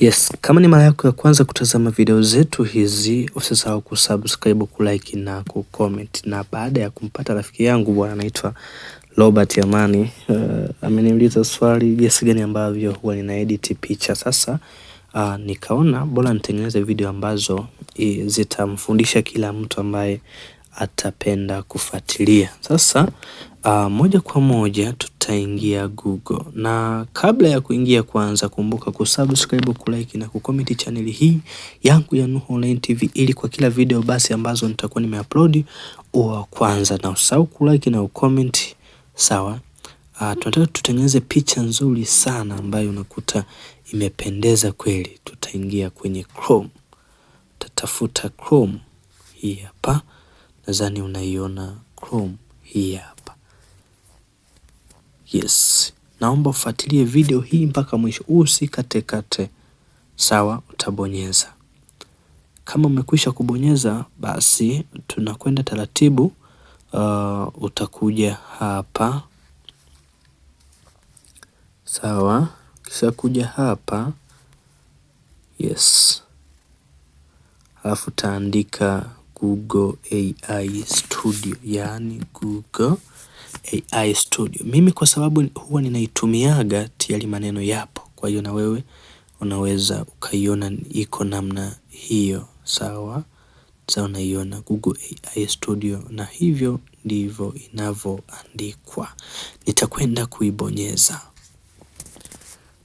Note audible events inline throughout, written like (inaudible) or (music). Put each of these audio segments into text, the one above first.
Yes, kama ni mara yako ya kwanza kutazama video zetu hizi, usisahau kusubscribe, kulike na kucomment. Na baada ya kumpata rafiki yangu bwana anaitwa Robert Yamani, uh, ameniuliza swali jinsi gani ambavyo huwa nina edit picha. Sasa uh, nikaona bora nitengeneze video ambazo zitamfundisha kila mtu ambaye atapenda kufuatilia. Sasa uh, moja kwa moja tutaingia Google, na kabla ya kuingia, kwanza kumbuka kusubscribe, kulike na kucomment channel hii yangu ya Nuhu Online TV, ili kwa kila video basi ambazo nitakuwa nimeupload wa kwanza, na usahau kulike na ucomment. Sawa. Uh, tunataka tutengeneze picha nzuri sana ambayo unakuta imependeza kweli. Tutaingia kwenye Chrome, tutatafuta Chrome hii hapa nadhani unaiona Chrome hii hapa. Yes, naomba ufuatilie video hii mpaka mwisho, usikatekate. Sawa, utabonyeza. Kama umekwisha kubonyeza, basi tunakwenda taratibu. Uh, utakuja hapa sawa, kisha kuja hapa yes, alafu utaandika Google AI Studio, yaani Google AI Studio. Mimi kwa sababu huwa ninaitumiaga tayari maneno yapo, kwa hiyo na wewe unaweza ukaiona iko namna hiyo, sawa sawa, unaiona Google AI Studio, na hivyo ndivyo inavyoandikwa. Nitakwenda kuibonyeza.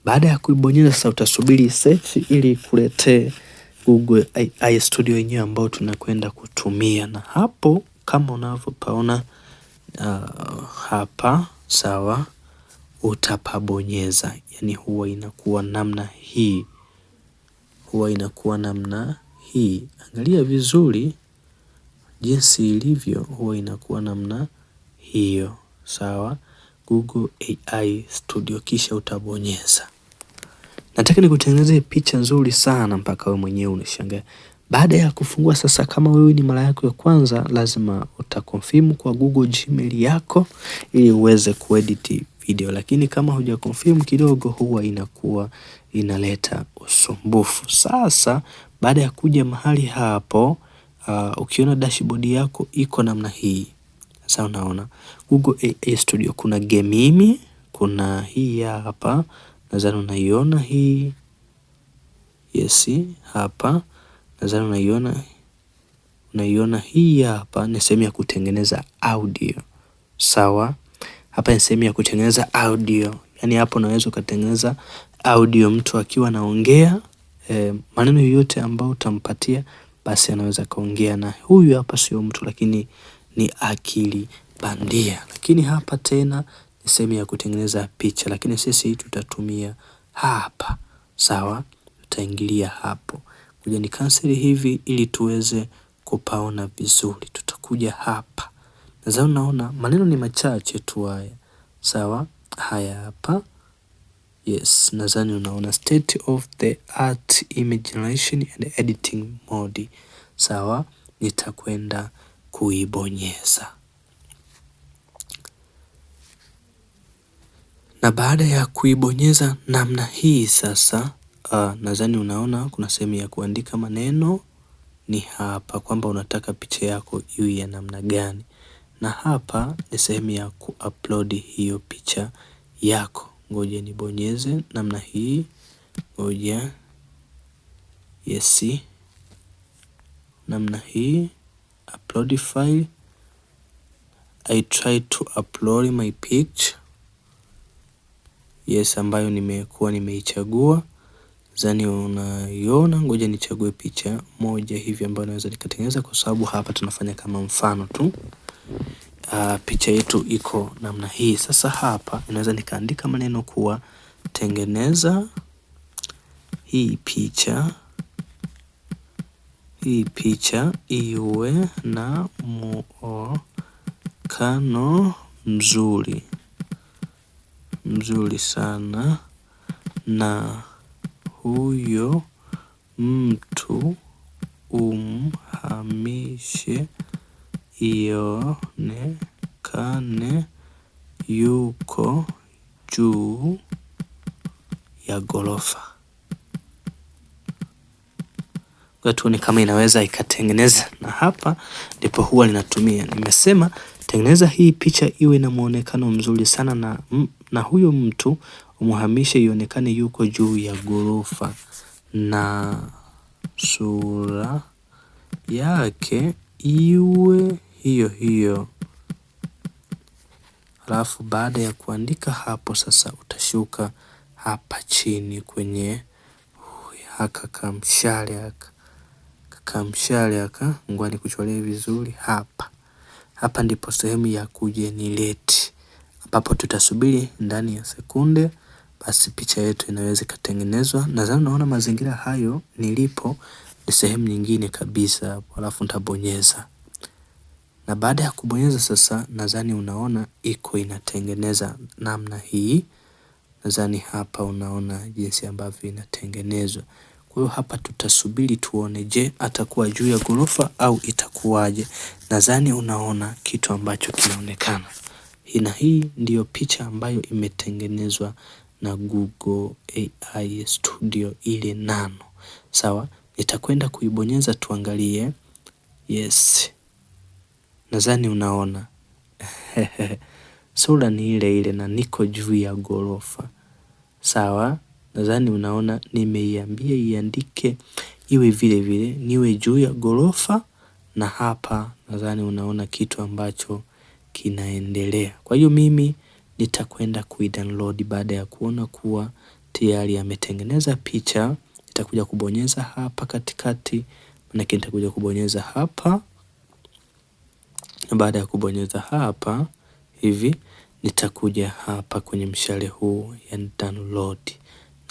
Baada ya kuibonyeza sasa, utasubiri search ili kuletee Google AI Studio yenyewe ambayo tunakwenda kutumia, na hapo kama unavyopaona uh, hapa sawa, utapabonyeza yani huwa inakuwa namna hii, huwa inakuwa namna hii. Angalia vizuri jinsi ilivyo, huwa inakuwa namna hiyo sawa, Google AI Studio, kisha utabonyeza nataka nikutengenezee picha nzuri sana mpaka wewe mwenyewe unashangaa. Baada ya kufungua sasa, kama wewe ni mara yako ya kwanza, lazima utakonfirm kwa Google Gmail yako ili uweze kuedit video, lakini kama hujakonfirm kidogo, huwa inakuwa inaleta usumbufu. Sasa baada ya kuja mahali hapo, uh, ukiona dashboard yako iko namna hii sasa, unaona Google AI Studio kuna gemimi, kuna hii hapa Nadhani unaiona hii. Yes, hapa nadhani unaiona, unaiona hii hapa ni sehemu ya kutengeneza audio. Sawa, hapa ni sehemu ya kutengeneza audio, yaani hapo unaweza ukatengeneza audio mtu akiwa anaongea e, maneno yoyote ambayo utampatia basi anaweza kaongea. Na huyu hapa sio mtu, lakini ni akili bandia, lakini hapa tena sehemu ya kutengeneza picha, lakini sisi tutatumia hapa. Sawa, tutaingilia hapo, kuja ni cancel hivi ili tuweze kupaona vizuri. Tutakuja hapa, nadhani unaona maneno ni machache tu haya. Sawa, haya hapa. Yes, nadhani unaona state of the art image generation and editing mode. Sawa, nitakwenda kuibonyeza. na baada ya kuibonyeza namna hii sasa, uh, nadhani unaona kuna sehemu ya kuandika maneno ni hapa, kwamba unataka picha yako iwe ya namna gani, na hapa ni sehemu ya kuupload hiyo picha yako. Ngoja nibonyeze namna hii, ngoja yesi namna hii upload file. I try to upload my picture yes ambayo nimekuwa nimeichagua. Zani unaiona ngoja nichague picha moja hivi ambayo naweza nikatengeneza kwa sababu hapa tunafanya kama mfano tu. Uh, picha yetu iko namna hii. Sasa hapa inaweza nikaandika maneno kuwa tengeneza hii picha hii picha iwe na muonekano mzuri mzuri sana na huyo mtu umhamishe ionekane yuko juu ya ghorofa. kwa tuone kama inaweza ikatengeneza, na hapa ndipo huwa linatumia Nimesema tengeneza hii picha iwe na muonekano mzuri sana, na, mm, na huyo mtu umhamishe ionekane yuko juu ya ghorofa na sura yake iwe hiyo hiyo. Alafu baada ya kuandika hapo sasa, utashuka hapa chini kwenye haka kamshale haka kamshale aka ngwani kucholee vizuri hapa. Hapa ndipo sehemu ya kujenerate ambapo tutasubiri ndani ya sekunde, basi picha yetu inaweza ikatengenezwa. Nadhani naona mazingira hayo, nilipo ni sehemu nyingine kabisa alafu nitabonyeza na baada ya kubonyeza sasa, nadhani unaona iko inatengeneza namna hii. Nadhani hapa unaona jinsi ambavyo inatengenezwa. Kwa hiyo hapa tutasubiri tuone, je, atakuwa juu ya ghorofa au itakuwaje? Nadhani unaona kitu ambacho kinaonekana na hii ndiyo picha ambayo imetengenezwa na Google AI Studio ile nano. Sawa, nitakwenda kuibonyeza tuangalie. Yes, nadhani unaona sura (laughs) ni ile ile na niko juu ya ghorofa. Sawa. Nadhani unaona nimeiambia iandike iwe vile vile niwe juu ya ghorofa na hapa nadhani unaona kitu ambacho kinaendelea. Kwa hiyo mimi nitakwenda kuidownload baada ya kuona kuwa tayari ametengeneza picha. Nitakuja kubonyeza hapa katikati, manake nitakuja kubonyeza hapa. Baada ya kubonyeza hapa hivi nitakuja hapa kwenye mshale huu ya download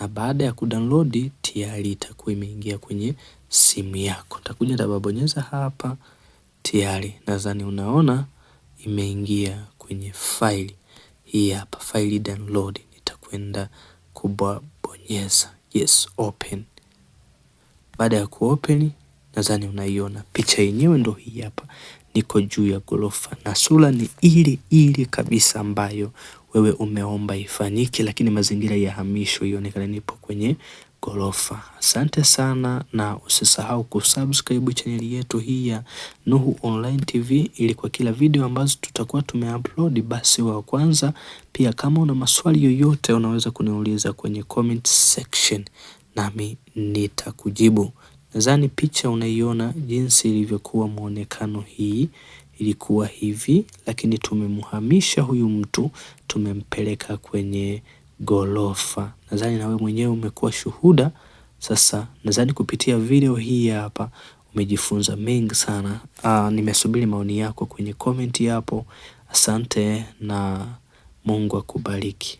na baada ya kudownload tayari itakuwa imeingia kwenye simu yako. Takuja tababonyeza hapa, tayari nadhani unaona imeingia kwenye faili hii hapa, faili download. Nitakwenda kubonyeza yes open. Baada ya kuopen, nadhani unaiona picha yenyewe ndo hii hapa, niko juu ya ghorofa na sura ni ile ile kabisa ambayo wewe umeomba ifanyike, lakini mazingira yahamishwe ionekane nipo kwenye ghorofa. Asante sana na usisahau kusubscribe chaneli yetu hii ya Nuhu Online TV ili kwa kila video ambazo tutakuwa tumeupload basi wa kwanza. Pia kama una maswali yoyote unaweza kuniuliza kwenye comment section nami nitakujibu. Nadhani picha unaiona jinsi ilivyokuwa muonekano hii ilikuwa hivi, lakini tumemhamisha huyu mtu, tumempeleka kwenye ghorofa. Nadhani na wewe mwenyewe umekuwa shuhuda. Sasa nadhani kupitia video hii hapa umejifunza mengi sana. Aa, ah, nimesubiri maoni yako kwenye komenti hapo. Asante na Mungu akubariki.